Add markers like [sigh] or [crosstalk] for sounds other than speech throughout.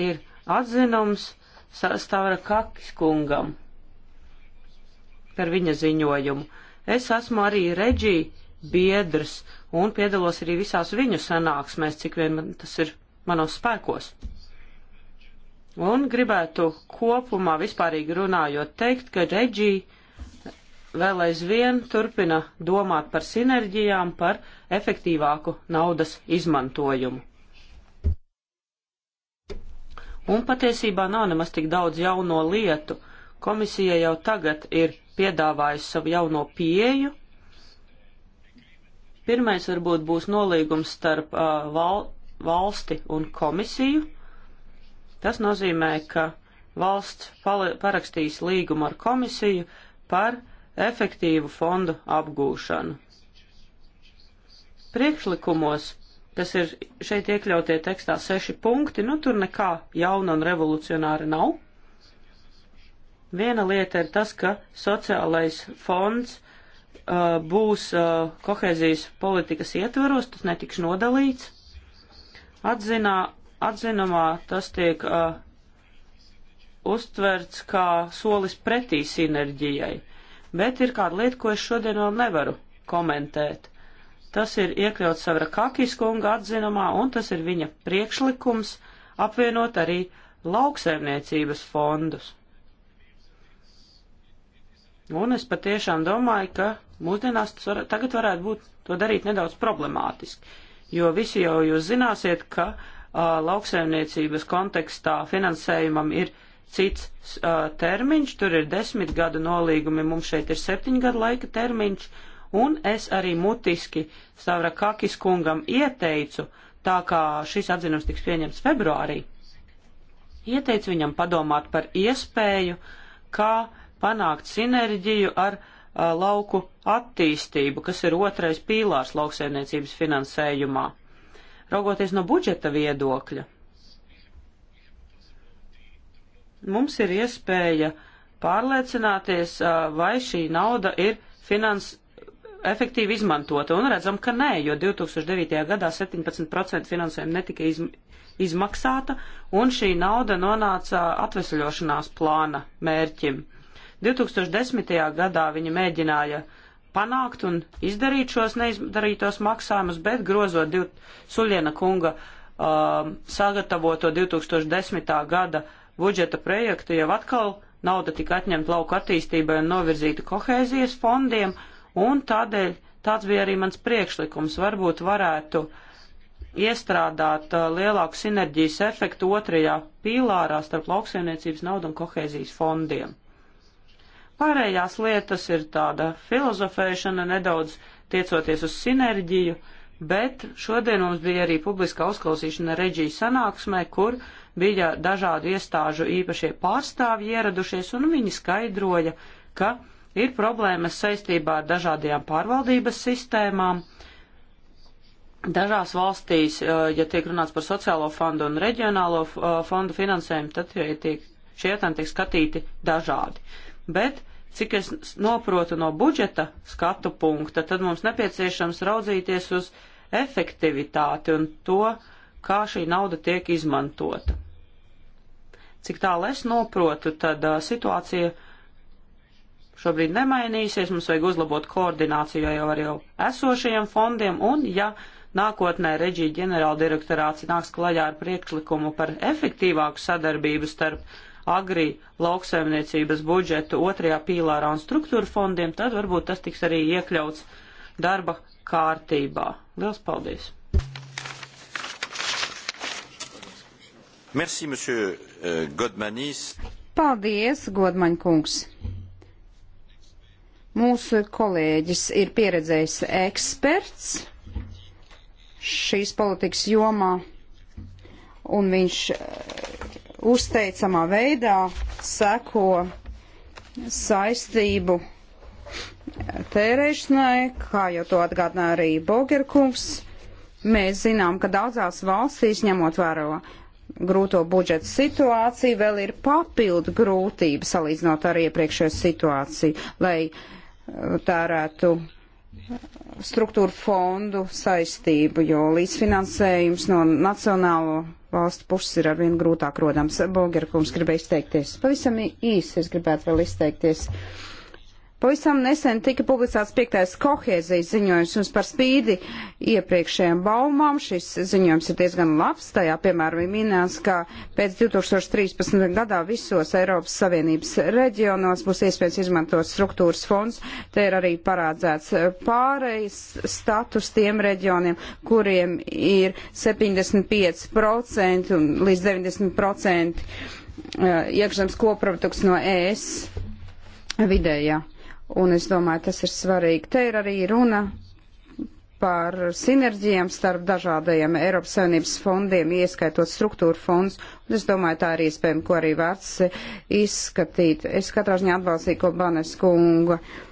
ir atzinums sastāvra Kakis kungam par viņa ziņojumu. Es esmu arī reģī biedrs un piedalos arī visās viņu sanāksmēs, cik vien man tas ir manos spēkos. Un gribētu kopumā vispārīgi runājot teikt, ka reģī vēl aizvien turpina domāt par sinerģijām, par efektīvāku naudas izmantojumu. Un patiesībā nav nemaz tik daudz jauno lietu. Komisija jau tagad ir piedāvājusi savu jauno pieeju. Pirmais varbūt būs nolīgums starp uh, val, valsti un komisiju. Tas nozīmē, ka valsts parakstīs līgumu ar komisiju par efektīvu fondu apgūšanu. Priekšlikumos kas ir šeit iekļautie tekstā seši punkti, nu tur nekā jauna un revolucionāra nav. Viena lieta ir tas, ka sociālais fonds uh, būs uh, kohēzijas politikas ietveros, tas netiks nodalīts. Atzinā, atzinumā tas tiek uh, uztverts kā solis pretī sinerģijai, bet ir kāda lieta, ko es šodien vēl nevaru komentēt Tas ir iekļauts Savra Kakis kunga atzinumā, un tas ir viņa priekšlikums apvienot arī lauksaimniecības fondus. Un es patiešām domāju, ka mūsdienās tas var, tagad varētu būt to darīt nedaudz problemātiski, jo visi jau jūs zināsiet, ka uh, lauksaimniecības kontekstā finansējumam ir cits uh, termiņš, tur ir desmit gada nolīgumi, mums šeit ir septiņu gadu laika termiņš, uh, Un es arī mutiski Stavrakakis kungam ieteicu, tā kā šis atzinums tiks pieņemts februārī, ieteicu viņam padomāt par iespēju, kā panākt sinerģiju ar a, uh, lauku attīstību, kas ir otrais pīlārs lauksaimniecības finansējumā. Raugoties no budžeta viedokļa, mums ir iespēja pārliecināties, uh, vai šī nauda ir finans, efektīvi izmantota, un redzam, ka nē, jo 2009. gadā 17% finansējuma netika izm izmaksāta, un šī nauda nonāca atvesaļošanās plāna mērķim. 2010. gadā viņi mēģināja panākt un izdarīt šos neizdarītos maksājumus, bet grozot div, Suļiena kunga um, sagatavoto 2010. gada budžeta projektu, jau atkal nauda tika atņemta lauka attīstībai un novirzīta kohēzijas fondiem, uh, Un tādēļ tāds bija arī mans priekšlikums. Varbūt varētu iestrādāt uh, lielāku sinerģijas efektu otrajā pīlārā starp lauksaimniecības naudu un kohēzijas fondiem. Pārējās lietas ir tāda filozofēšana, nedaudz tiecoties uz sinerģiju, bet šodien mums bija arī publiska uzklausīšana reģija sanāksmē, kur bija dažādu iestāžu īpašie pārstāvji ieradušies, un viņi skaidroja, ka ir problēmas saistībā ar dažādajām pārvaldības sistēmām. Dažās valstīs, ja tiek runāts par sociālo fondu un reģionālo fondu finansējumu, tad tie tiek, šie jautājumi tiek skatīti dažādi. Bet, cik es noprotu no budžeta skatu punkta, tad mums nepieciešams raudzīties uz efektivitāti un to, kā šī nauda tiek izmantota. Cik tālu es noprotu, tad uh, situācija uh, šobrīd nemainīsies, mums vajag uzlabot koordināciju jau ar jau esošajiem fondiem, un ja nākotnē reģija ģenerāldirektorāts nāks klajā ar priekšlikumu par efektīvāku sadarbību starp agri lauksaimniecības budžetu otrajā pīlārā un struktūra fondiem, tad varbūt tas tiks arī iekļauts darba kārtībā. Liels paldies! Merci, monsieur uh, Godmanis. Paldies, Godmaņkungs! Mūsu kolēģis ir pieredzējis eksperts šīs politikas jomā, un viņš eh, uzteicamā veidā seko saistību eh, tērēšanai, kā jau to atgādināja arī Bogerkungs. Mēs zinām, ka daudzās valstīs, ņemot vērā grūto budžeta situāciju, vēl ir papildu grūtība salīdzinot ar iepriekšējo situāciju, lai uh, tērētu struktūra fondu saistību, jo līdzfinansējums no nacionālo valstu puses ir arvien grūtāk rodams. Bogerkums gribēja izteikties. Pavisam īsi es gribētu vēl izteikties. Uh, Pavisam nesen tika publicēts piektais kohēzijas ziņojums, un par spīdi iepriekšējām baumām šis ziņojums ir diezgan labs. Tajā, piemēram, minēts, ka pēc 2013. gadā visos Eiropas Savienības reģionos būs iespējams izmantot struktūras fonds. Te ir arī parādzēts pārējais status tiem reģioniem, kuriem ir 75% un līdz 90% eh, iekšzemes koprodukts no ES vidējā un es domāju, tas ir svarīgi. Te ir arī runa par sinerģijām starp dažādajiem Eiropas Savienības fondiem, ieskaitot struktūra fondus. Un es domāju, tā ir iespējama, ko arī vērts izskatīt. Es katrā ziņā atbalstīju Kobanes kunga. Uh,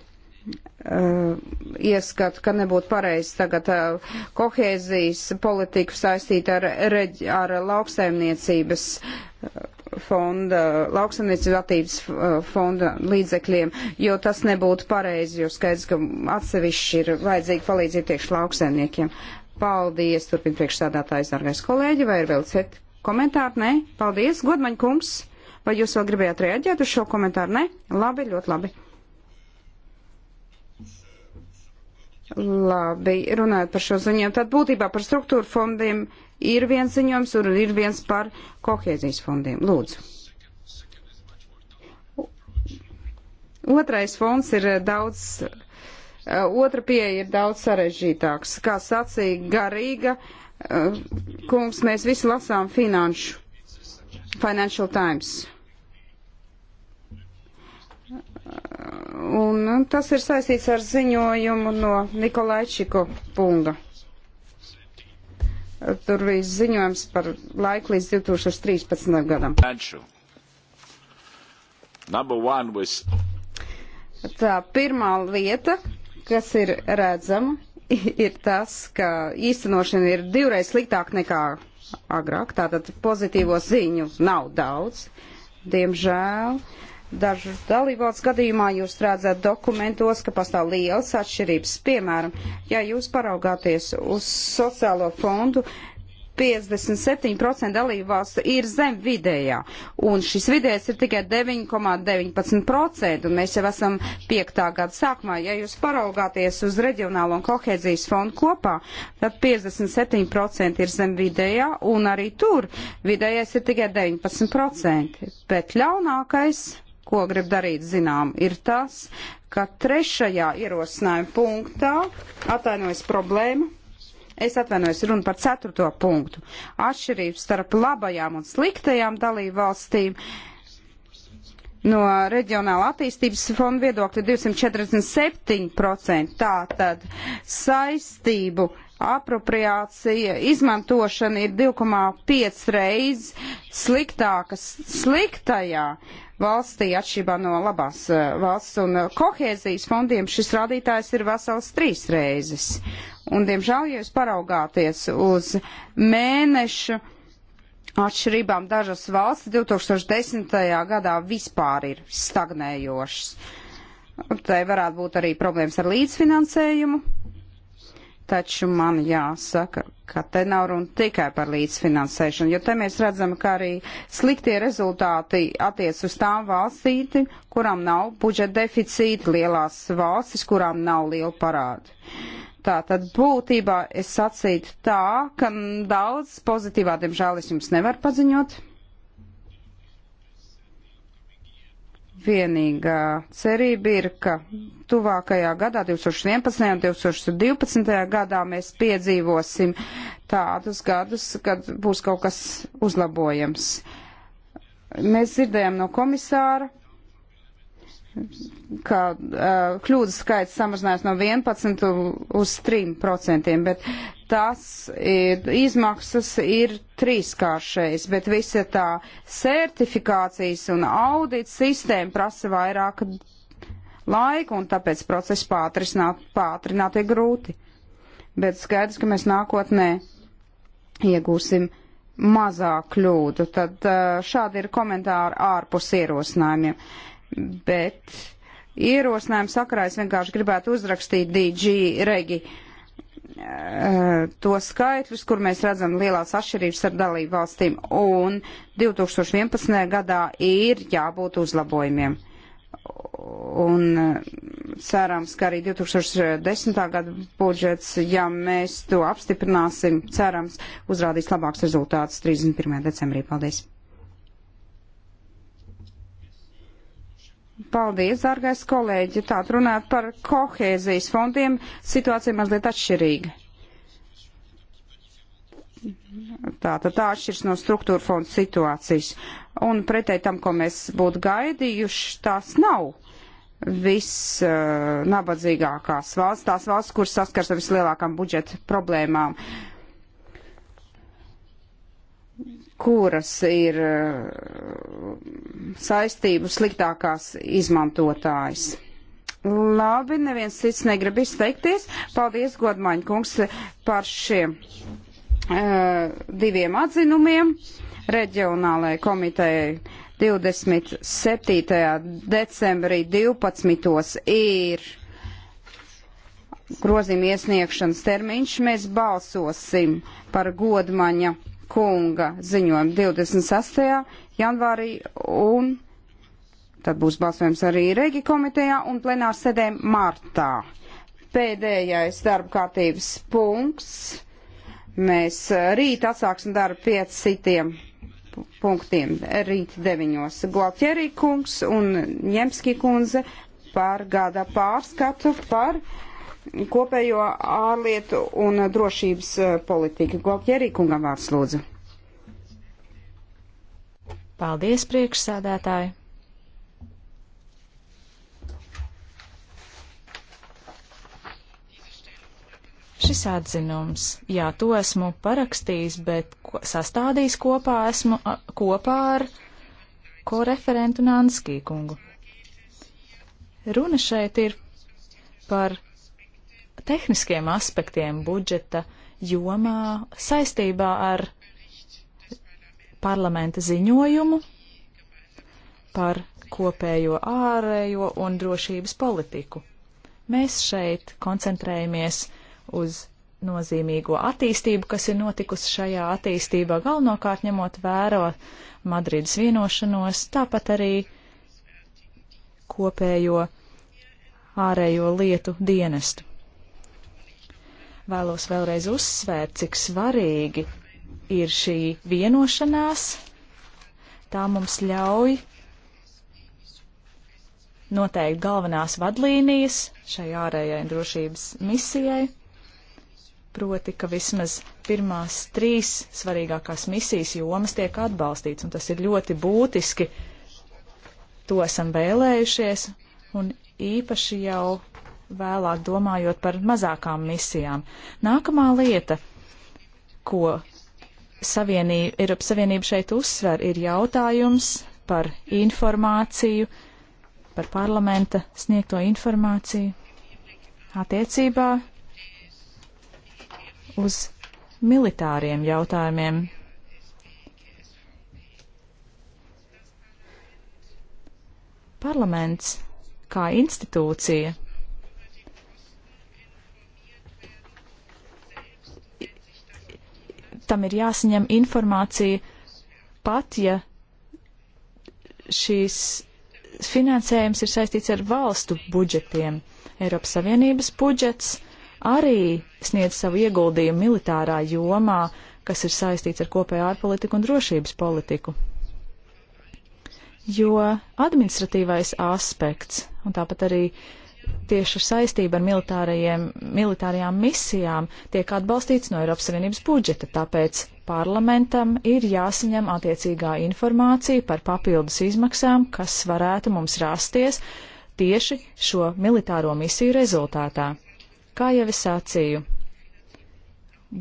Eh, ieskatu, ka nebūtu pareizi tagad eh, kohēzijas politiku saistīt ar, reģi, ar lauksaimniecības eh, fonda, lauksaimniecības attīstības fonda līdzekļiem, jo tas nebūtu pareizi, jo skaidrs, ka atsevišķi ir vajadzīgi palīdzīt tieši lauksaimniekiem. Paldies, turpin priekšstādātājs, dargais kolēģi, vai ir vēl citi komentāri? Nē, paldies, godmaņ kungs, vai jūs vēl gribējāt reaģēt uz šo komentāru? Nē, labi, ļoti labi. Labi, runājot par šo ziņojumu, tad būtībā par struktūra fondiem ir viens ziņojums un ir viens par kohēzijas fondiem. Lūdzu. Otrais fonds ir daudz, otra pieeja ir daudz sarežģītāks. Kā sacīja Garīga, eh, kungs, mēs visi lasām finanšu, Financial Times. Un nu, tas ir saistīts ar ziņojumu no Nikolaičiko punga. Tur bija ziņojums par laiku līdz 2013. gadam. Was... Tā pirmā lieta, kas ir redzama, [laughs] ir tas, ka īstenošana ir divreiz sliktāk nekā agrāk. Tātad pozitīvo ziņu nav daudz, diemžēl. Uh, Dažu dalībvalsts gadījumā jūs redzat dokumentos, ka pastāv liels atšķirības. Piemēram, ja jūs paraugāties uz sociālo fondu, 57% dalībvalstu ir zem vidējā, un šis vidējais ir tikai 9,19%, un mēs jau esam 5. gada sākumā. Ja jūs paraugāties uz reģionālo un kohēzijas fondu kopā, tad 57% ir zem vidējā, un arī tur vidējais ir tikai 19%. Bet ļaunākais ko grib darīt zinām, ir tas, ka trešajā ierosinājuma punktā atainojas problēma. Es atvainojos runu par ceturto punktu. Atšķirības starp labajām un sliktajām dalību valstīm uh, no reģionāla attīstības fonda viedokļa 247%. Tātad saistību apropriācija, izmantošana ir 2,5 reizes sliktākas sliktajā valstī atšķirībā no labās eh, valsts un eh, kohēzijas fondiem šis rādītājs ir vesels trīs reizes. Un, diemžēl, ja jūs paraugāties uz mēnešu atšķirībām dažas valsts 2010. gadā vispār ir stagnējošas. Te varētu būt arī problēmas ar līdzfinansējumu, taču man jāsaka, ka te nav runa tikai par līdzfinansēšanu, jo te mēs redzam, ka arī sliktie rezultāti attiec uz tām valstīm, kurām nav budžeta deficīti, lielās valstis, kurām nav liela parāda. Uh, Tātad būtībā es sacītu tā, ka daudz pozitīvā, diemžēl, es jums nevaru paziņot. Vienīgā cerība ir, ka tuvākajā gadā, 2011. un 2012. gadā, mēs piedzīvosim tādus gadus, kad būs kaut kas uzlabojams. Mēs dzirdējām no komisāra, ka uh, kļūdas skaits samazinājās no 11 uz 3 procentiem, bet tas ir, izmaksas ir trīskāršais, bet visa tā sertifikācijas un audit sistēma prasa vairāk laika, un tāpēc procesu pātrināt, pātrināt ir grūti. Bet skaidrs, ka mēs nākotnē iegūsim mazāk kļūdu, tad uh, šādi ir komentāri ārpus ierosinājumiem. Uh, bet ierosinājumu sakarā es vienkārši gribētu uzrakstīt DG regi eh, to skaitļus, kur mēs redzam lielās atšķirības ar dalību valstīm, un 2011. gadā ir jābūt uzlabojumiem. Un eh, cerams, ka arī 2010. gada budžets, ja mēs to apstiprināsim, cerams, uzrādīs labāks rezultāts 31. decembrī. Paldies! Paldies, dārgais kolēģi. Tā runāt par kohēzijas fondiem. Situācija mazliet atšķirīga. Tā tad tā atšķirs no struktūra fonda situācijas. Un pretēji tam, ko mēs būtu gaidījuši, tās nav visnabadzīgākās eh, uh, valsts, tās valsts, kuras saskars ar vislielākām budžeta problēmām. Uh, kuras ir eh, saistību sliktākās izmantotājas. Labi, neviens cits negrib izteikties. Paldies, Godmaņa kungs, par šiem uh, diviem atzinumiem reģionālajai komitejai. 27. decembrī 12. ir grozījuma iesniegšanas termiņš. Mēs balsosim par Godmaņa kunga ziņojumu 26. janvārī un tad būs balsojums arī Regi komitejā un plenārs sēdē martā. Pēdējais darba kārtības punkts. Mēs rīt atsāksim darbu pēc citiem punktiem. Rīt deviņos Gualtjerī kungs un Ņemski kundze par gada pārskatu par kopējo ārlietu un drošības eh, politiku. Golķerī kungam vārds lūdzu. Paldies, priekšsēdētāji! šis atzinums. Jā, to esmu parakstījis, bet ko, sastādījis kopā esmu a, kopā ar koreferentu Nanskī kungu. Runa šeit ir par tehniskiem aspektiem budžeta jomā saistībā ar parlamenta ziņojumu par kopējo ārējo un drošības politiku. Mēs šeit koncentrējamies uz nozīmīgo attīstību, kas ir notikusi šajā attīstībā, galvenokārt ņemot vēro Madrīdas vienošanos, tāpat arī kopējo ārējo lietu dienestu. Vēlos vēlreiz uzsvērt, cik svarīgi ir šī vienošanās. Tā mums ļauj noteikt galvenās vadlīnijas šai ārējai drošības misijai. Proti, ka vismaz pirmās trīs svarīgākās misijas jomas tiek atbalstīts, un tas ir ļoti būtiski. To esam vēlējušies, un īpaši jau vēlāk domājot par mazākām misijām. Nākamā lieta, ko Savienība, Eiropas Savienība šeit uzsver, ir jautājums par informāciju, par parlamenta sniegto informāciju attiecībā uz militāriem jautājumiem. Parlaments kā institūcija tam ir jāsaņem informācija pat, ja šīs finansējums ir saistīts ar valstu budžetiem. Eiropas Savienības budžets arī sniedz savu ieguldījumu militārā jomā, kas ir saistīts ar kopēju ārpolitiku un drošības politiku. Jo administratīvais aspekts un tāpat arī uh, tieši saistība ar militārajām misijām tiek atbalstīts no Eiropas Savienības budžeta, tāpēc parlamentam ir jāsaņem attiecīgā informācija par papildus izmaksām, kas varētu mums rasties tieši šo militāro misiju rezultātā. Kā jau es sacīju,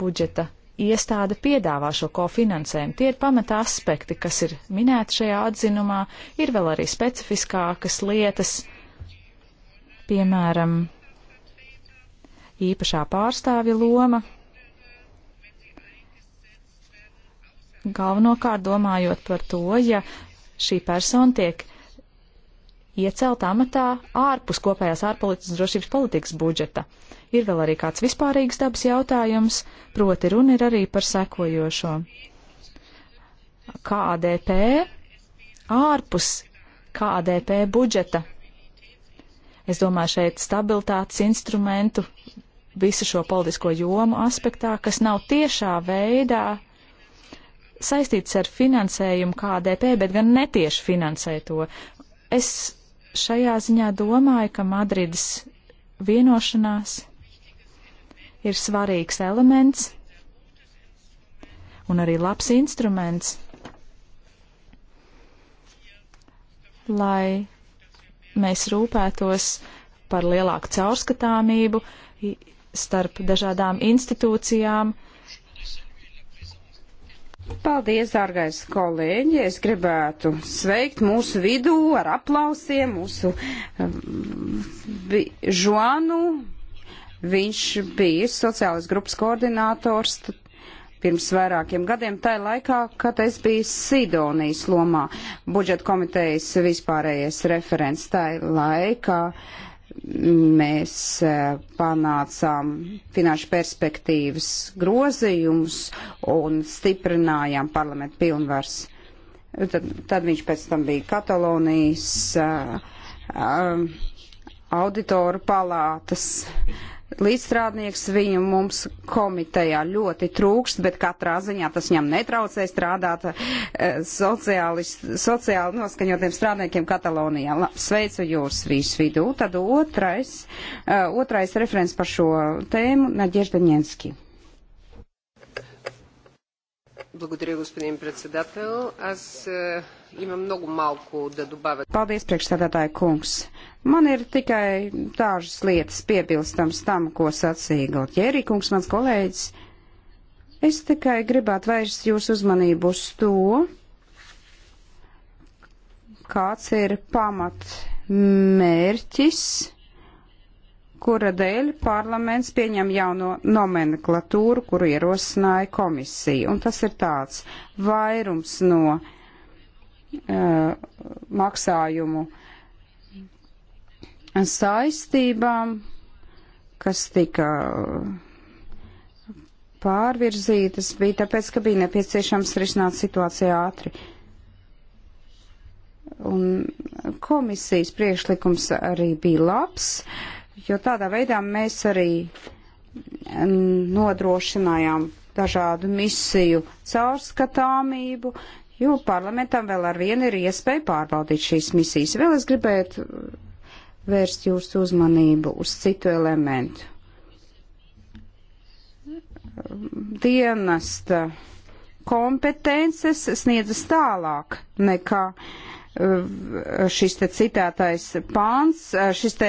budžeta iestāde piedāvā šo kofinansējumu. Tie ir pamata aspekti, kas ir minēti šajā atzinumā, ir vēl arī specifiskākas lietas Piemēram, īpašā pārstāvja loma, galvenokārt domājot par to, ja šī persona tiek iecelt amatā ārpus kopējās ārpolitikas drošības politikas budžeta. Ir vēl arī kāds vispārīgs dabas jautājums, proti runa ir arī par sekojošo. KDP ārpus KDP budžeta Es domāju šeit stabilitātes instrumentu visu šo politisko jomu aspektā, kas nav tiešā veidā saistīts ar finansējumu KDP, bet gan netieši finansē to. Es šajā ziņā domāju, ka Madrides vienošanās ir svarīgs elements un arī labs instruments, lai mēs rūpētos par lielāku caurskatāmību starp dažādām institūcijām. Paldies, dārgais kolēģi! Es gribētu sveikt mūsu vidū ar aplausiem mūsu um, Žuanu. Viņš bija sociālas grupas koordinators pirms vairākiem gadiem, tai laikā, kad es biju Sidonijas lomā, budžeta komitejas vispārējais referents, tai laikā mēs eh, panācām finanšu perspektīvas grozījumus un stiprinājām parlamentu pilnvars. Tad, tad viņš pēc tam bija Katalonijas uh, uh, auditoru palātas uh, līdzstrādnieks viņu mums komitejā ļoti trūkst, bet katrā ziņā tas viņam netraucē strādāt eh, sociāli, sociāli noskaņotiem strādniekiem Katalonijā. Sveicu jūs visu vidū. Tad otrais, eh, otrais referents par šo tēmu, Naģiežda Ņenski. Благодаря, господин председател. Аз е, имам много малко да добавя. Paldies, priekšsēdētāji kungs. Man ir tikai dažas lietas piebilstams tam, ko sacīja Galtjērī kungs, mans kolēģis. Es tikai gribētu vērst jūsu uzmanību uz to, kāds ir pamat mērķis kura dēļ parlaments pieņem jauno nomenklatūru, kuru ierosināja komisija. Un tas ir tāds vairums no uh, maksājumu saistībām, kas tika pārvirzītas, bija tāpēc, ka bija nepieciešams risināt situāciju ātri. Un komisijas priešlikums arī bija labs. Uh, jo tādā veidā mēs arī nodrošinājām dažādu misiju caurskatāmību, jo parlamentam vēl ar vienu ir iespēja pārbaudīt šīs misijas. Vēl es gribētu vērst jūsu uzmanību uz citu elementu. Dienesta kompetences sniedzas tālāk nekā uh, Ehm, šis te citētais pāns, eh, šis te,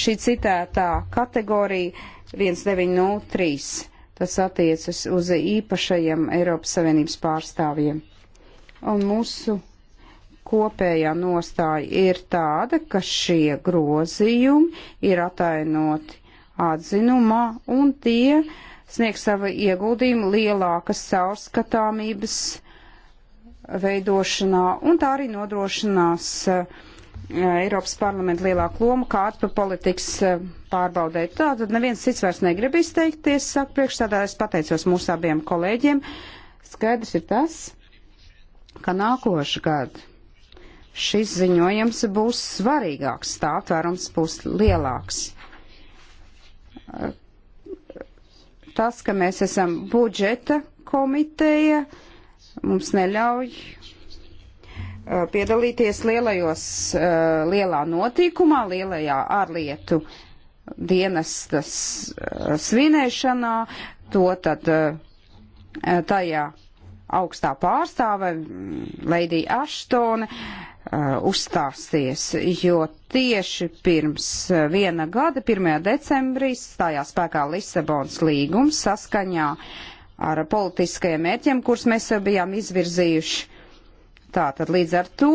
šī citētā kategorija 1903. Tas attiecas uz īpašajiem Eiropas Savienības pārstāvjiem. Un mūsu kopējā nostāja ir tāda, ka šie grozījumi ir atainoti atzinumā un tie sniegs savu ieguldījumu lielākas caurskatāmības uh, veidošanā, un tā arī nodrošinās eh, Eiropas parlamenta lielāku lomu kārtu politikas eh, pārbaudē. Tātad neviens cits vairs negrib izteikties, saka priekšstādā, es pateicos mūsu abiem kolēģiem. Skaidrs ir tas, ka nākošu gadu šis ziņojums būs svarīgāks, tā atvērums būs lielāks eh, tas, ka mēs esam budžeta komiteja, mums neļauj uh, piedalīties lielajos, uh, lielā notikumā, lielajā ārlietu dienestas uh, svinēšanā, to tad tajā augstā pārstāve, mm, Leidija Aštone, uzstāsties, jo tieši pirms viena gada, 1. decembrī, stājās spēkā Lisabons līgums saskaņā uh, ar politiskajiem mērķiem, kurus mēs bijām izvirzījuši. Tātad līdz ar to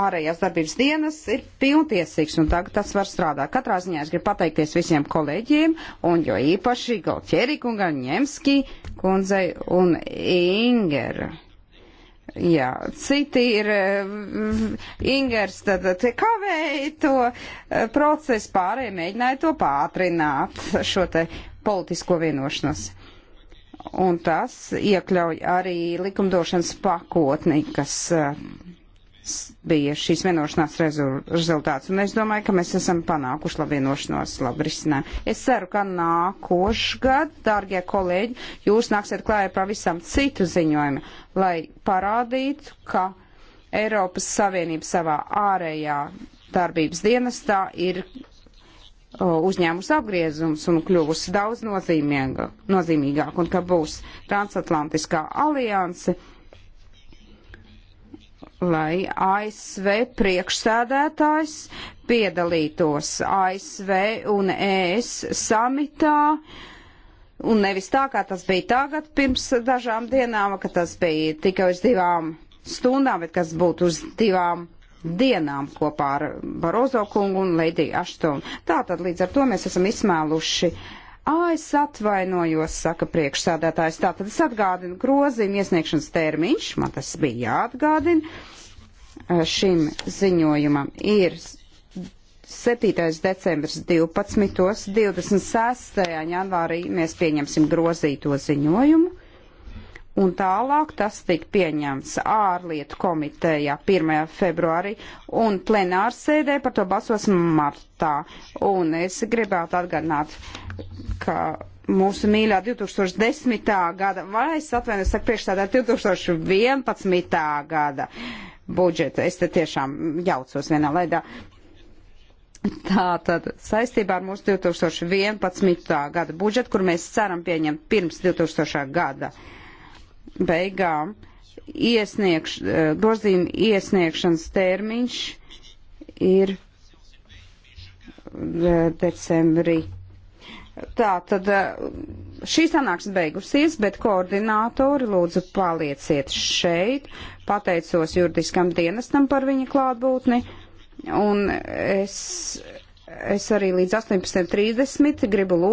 ārējās darbības dienas ir pilntiesīgs un tagad tas var strādāt. Katrā ziņā es gribu pateikties visiem kolēģiem un jo īpaši Galtieri kunga, Ņemski kundzei un Ingera. Jā, citi ir eh, Ingers, tad te kavēja to eh, procesu, pārējie mēģināja to pātrināt, šo te politisko vienošanos un tas iekļauj arī likumdošanas pakotni, kas eh, bija šīs vienošanās rezultāts. Un es domāju, ka mēs esam panākuši labu vienošanos, labu risinājumu. Es ceru, ka nākošgad, dārgie kolēģi, jūs nāksiet klājā pavisam citu ziņojumu, lai parādītu, ka Eiropas Savienība savā ārējā darbības dienestā ir uzņēmusi apgriezums un kļuvusi daudz nozīmīgāk, un ka būs transatlantiskā alianse, lai ASV priekšsēdētājs piedalītos ASV un ES samitā, un nevis tā, kā tas bija tagad pirms dažām dienām, ka tas bija tikai uz divām stundām, bet kas būtu uz divām dienām kopā ar Barozo kungu un Leidiju Aštonu. Tātad līdz ar to mēs esam izsmēluši. Ā, es atvainojos, saka priekšsādātājs. Tātad es atgādinu grozījumu iesniegšanas termiņš, man tas bija jāatgādina. Šim ziņojumam ir 7. decembris 12. 26. janvārī mēs pieņemsim grozīto ziņojumu un tālāk tas tika pieņemts ārlietu komitejā 1. februārī un plenārs sēdē par to balsos martā. Un es gribētu atgādināt, ka mūsu mīļā 2010. gada, vai es atvainojos, saka priekšstādā 2011. gada budžeta, es te tiešām jaucos vienā laidā. Tātad saistībā ar mūsu 2011. gada budžetu, kur mēs ceram pieņemt pirms 2000. gada beigām iesniegš, eh, grozījuma iesniegšanas termiņš ir eh, decembrī. Tā tad eh, šī sanāksme beigusies, bet koordinātori lūdzu palieciet šeit. Pateicos juridiskam dienestam par viņa klātbūtni. Un es, es arī līdz 18.30 gribu lūgt.